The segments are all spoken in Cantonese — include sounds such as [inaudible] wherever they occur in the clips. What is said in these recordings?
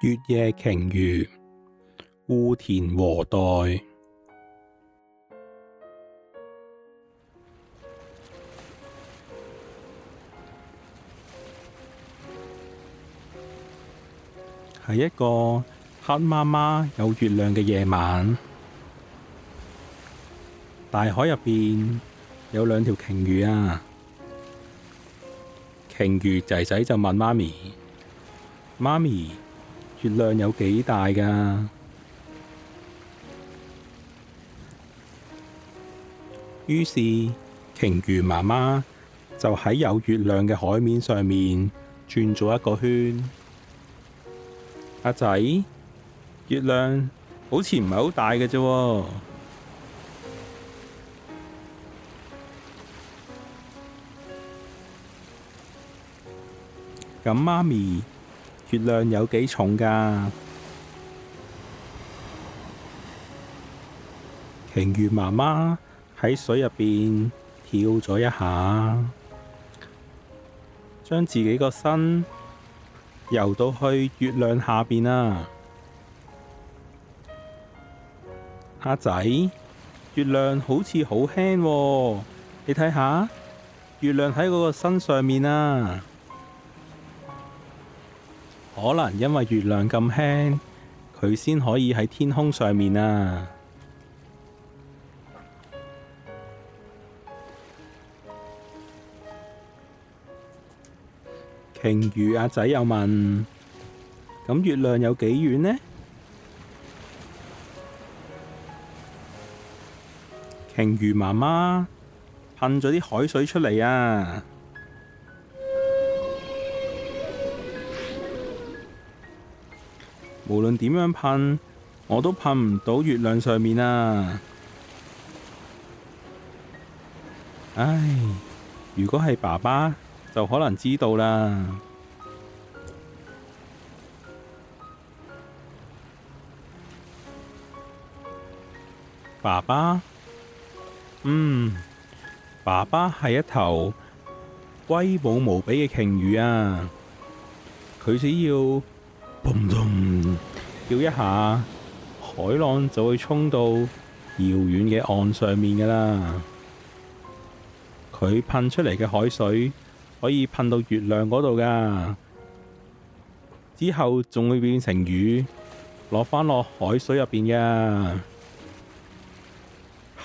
月夜鯨魚，烏田和代，係一個黑麻麻有月亮嘅夜晚。大海入邊有兩條鯨魚啊！鯨魚仔仔就問媽咪：媽咪，月亮有幾大噶？於是鯨魚媽媽就喺有月亮嘅海面上面轉咗一個圈。阿仔，月亮好似唔係好大嘅啫。咁，媽咪，月亮有幾重㗎？鯨魚媽媽喺水入邊跳咗一下，將自己個身游到去月亮下邊啦、啊。阿、啊、仔，月亮好似好輕、哦，你睇下，月亮喺嗰個身上面啊！可能因為月亮咁輕，佢先可以喺天空上面啊！鯨魚阿仔又問：咁月亮有幾遠呢？鯨魚媽媽噴咗啲海水出嚟啊！無論點樣噴，我都噴唔到月亮上面啊！唉，如果係爸爸，就可能知道啦。爸爸，嗯，爸爸係一頭威武無，無比嘅鯨魚啊！佢只要嘭叫一下，海浪就會衝到遙遠嘅岸上面㗎啦。佢噴出嚟嘅海水可以噴到月亮嗰度㗎，之後仲會變成雨，落返落海水入邊㗎。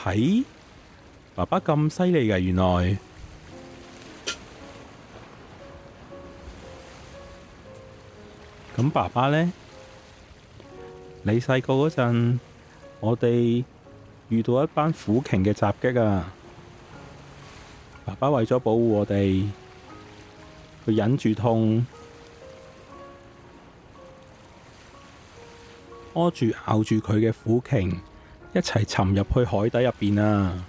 係爸爸咁犀利嘅。原來咁，爸爸呢？你細個嗰陣，我哋遇到一班虎鯨嘅襲擊啊！爸爸為咗保護我哋，佢忍住痛，拖住咬住佢嘅虎鯨，一齊沉入去海底入邊啊！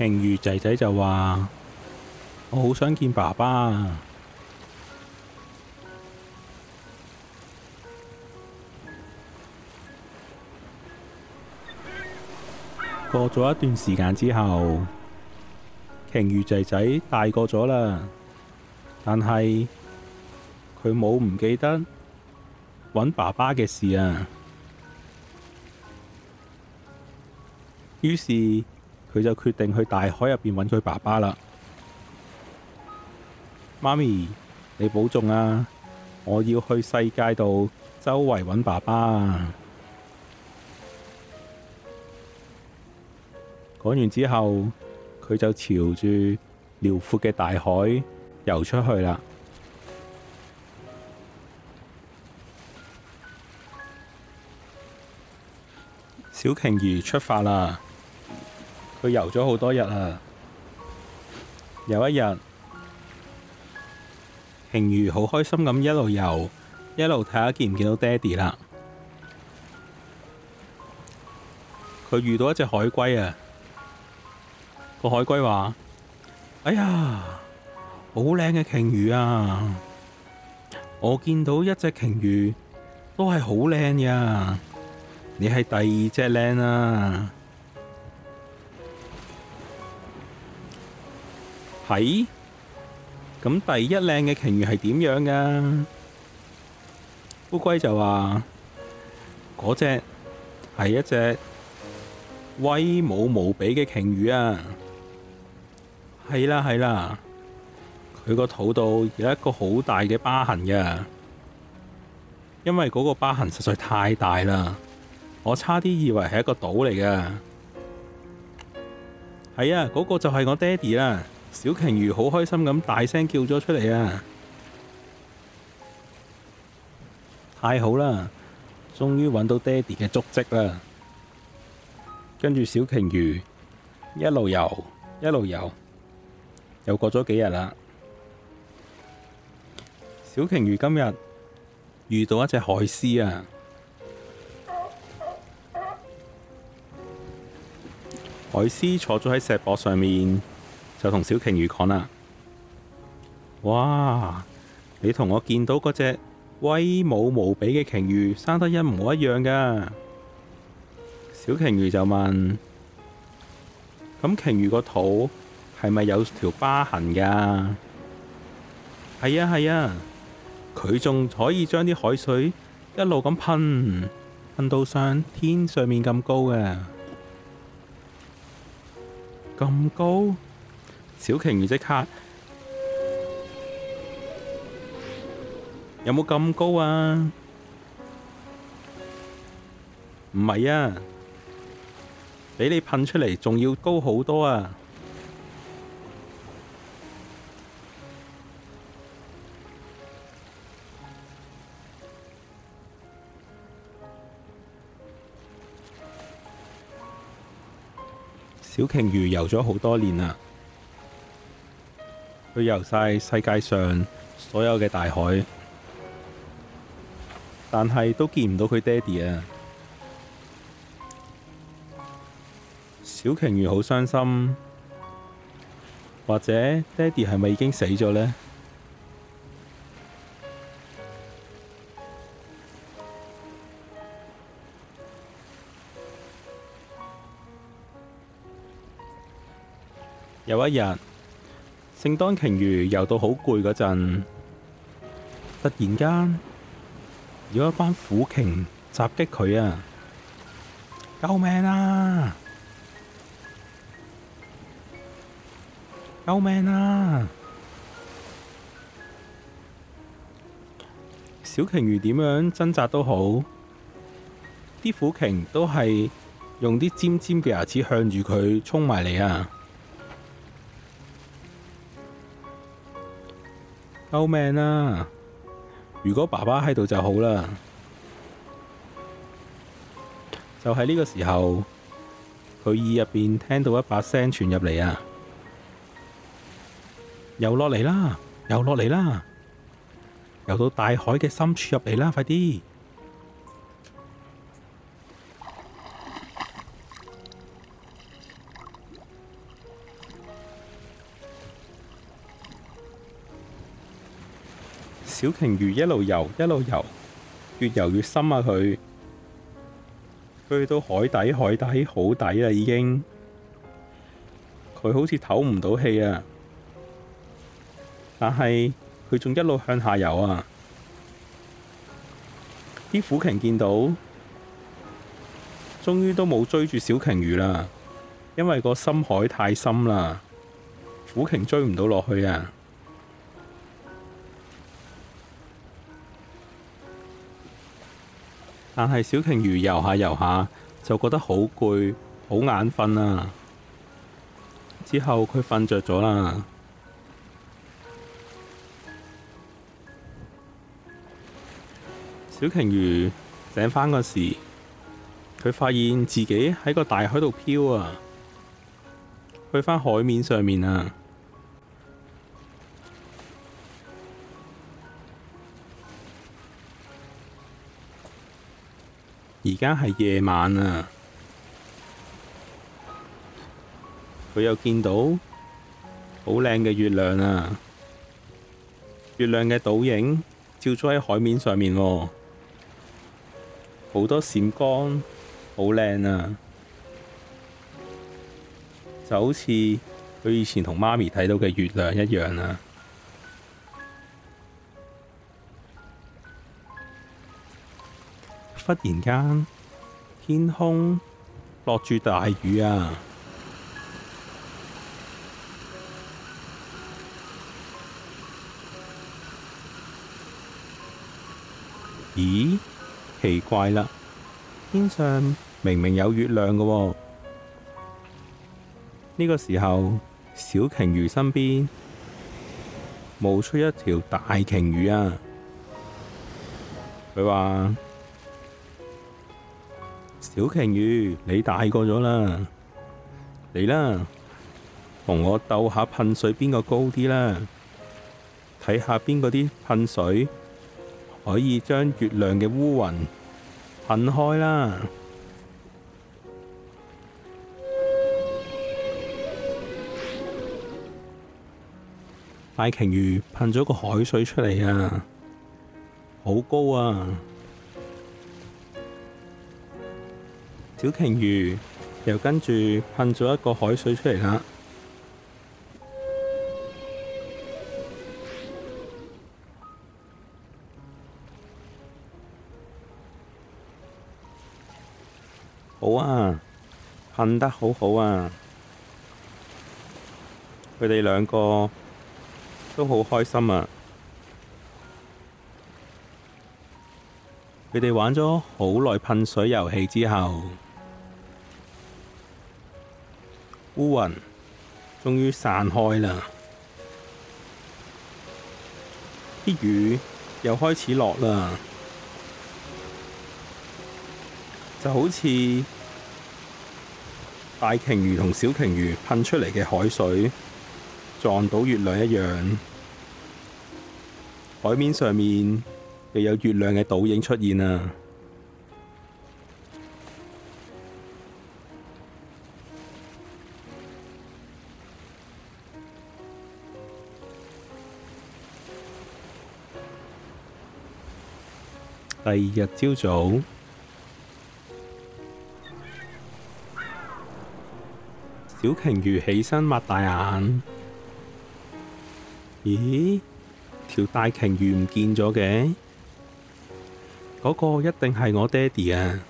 鯨魚仔仔就話：我好想見爸爸啊。」過咗一段時間之後，鯨魚仔仔大個咗啦，但係佢冇唔記得揾爸爸嘅事啊。於是佢就決定去大海入邊揾佢爸爸啦。媽咪，你保重啊！我要去世界度周圍揾爸爸啊！講完之後，佢就朝住遼闊嘅大海游出去啦。小鯨魚出發啦，佢游咗好多日啦。有一日，鯨魚好開心咁一路游，一路睇下見唔見到爹哋啦。佢遇到一隻海龜啊！個海龜話：哎呀，好靚嘅鯨魚啊！我見到一隻鯨魚都係好靚呀，你係第二隻靚啊？係，咁第一靚嘅鯨魚係點樣噶？烏龜就話：嗰隻係一隻威武無比嘅鯨魚啊！係啦係啦，佢個、啊啊、肚度有一個好大嘅疤痕嘅，因為嗰個疤痕實在太大啦，我差啲以為係一個島嚟嘅。係啊，嗰、嗰個就係我爹哋啦，小鯨魚好開心咁大聲叫咗出嚟啊！太好啦，終於揾到爹哋嘅足跡啦，跟住小鯨魚一路游一路游。又過咗幾日啦，小鯨魚今日遇到一隻海獅啊！海獅坐咗喺石膊上面，就同小鯨魚講啦：哇，你同我見到嗰隻威武無比嘅鯨魚，生得一模一樣噶！小鯨魚就問：咁鯨魚個肚？係咪有條疤痕噶？係啊係啊，佢仲可以將啲海水一路咁噴，噴到上天上面咁高嘅。咁高？小鯨魚即刻有冇咁高啊？唔係啊，比你噴出嚟仲要高好多啊！小鯨魚游咗好多年啦，佢游晒世界上所有嘅大海，但係都見唔到佢爹哋啊！小鯨魚好傷心，或者爹哋係咪已經死咗呢？有一日，正當鯨魚游到好攰嗰陣，突然間有一班虎鯨襲擊佢啊！救命啊！救命啊！小鯨魚點樣掙扎都好，啲虎鯨都係用啲尖尖嘅牙齒向住佢衝埋嚟啊！救命啊！如果爸爸喺度就好啦。就喺呢個時候，佢耳入邊聽到一把聲傳入嚟啊！游落嚟啦，游落嚟啦，游到大海嘅深處入嚟啦，快啲！小鯨魚一路遊，一路遊，越遊越深啊！佢，佢去到海底，海底好底啦，已經。佢好似唞唔到氣啊，但係佢仲一路向下游啊。啲虎鯨見到，終於都冇追住小鯨魚啦，因為個深海太深啦，虎鯨追唔到落去啊。但係小鯨魚游下游下，就覺得好攰，好眼瞓啊！之後佢瞓着咗啦。小鯨魚醒返嗰時，佢發現自己喺個大海度漂啊，去返海面上面啊！而家係夜晚啊，佢又見到好靚嘅月亮啊，月亮嘅倒影照咗喺海面上面，啊，好多閃光，好靚啊，就好似佢以前同媽咪睇到嘅月亮一樣啊。忽然間，天空落住大雨啊！咦，奇怪啦，天上明明有月亮㗎喎。呢個時候，小鯨魚身邊冒出一條大鯨魚啊！佢話。小鯨魚，你大個咗啦，嚟啦，同我鬥下噴水邊個高啲啦，睇下邊嗰啲噴水可以將月亮嘅烏雲噴開啦。 [music] 大鯨魚噴咗個海水出嚟啊，好高啊！小鯨魚又跟住噴咗一個海水出嚟啦！啊好啊，噴得好好啊！佢哋兩個都好開心啊！佢哋玩咗好耐噴水遊戲之後，烏雲終於散開啦，啲雨又開始落啦，就好似大鯨魚同小鯨魚噴出嚟嘅海水撞到月亮一樣，海面上面又有月亮嘅倒影出現啦。第二日朝早，小鯨魚起身擘大眼，咦？條大鯨魚唔見咗嘅，嗰個一定係我爹哋啊！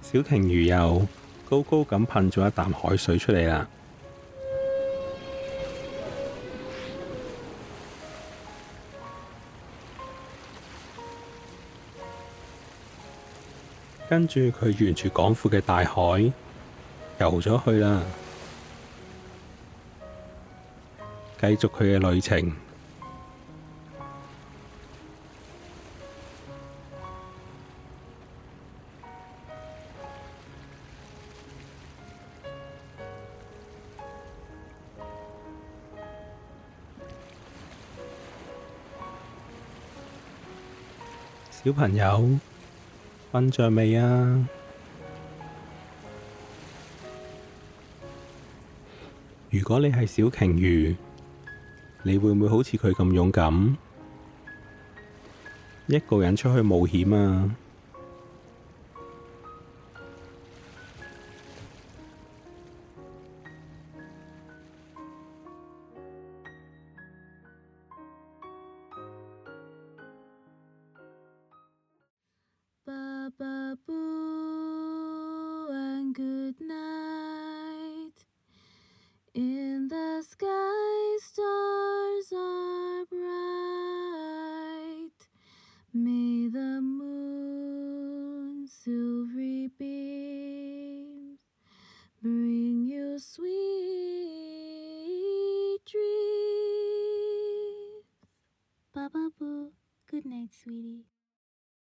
小鯨魚又高高咁噴咗一啖海水出嚟啦。跟住佢沿住廣闊嘅大海游咗去啦，繼續佢嘅旅程，小朋友。瞓着未啊？如果你係小鯨魚，你會唔會好似佢咁勇敢？一個人出去冒險啊？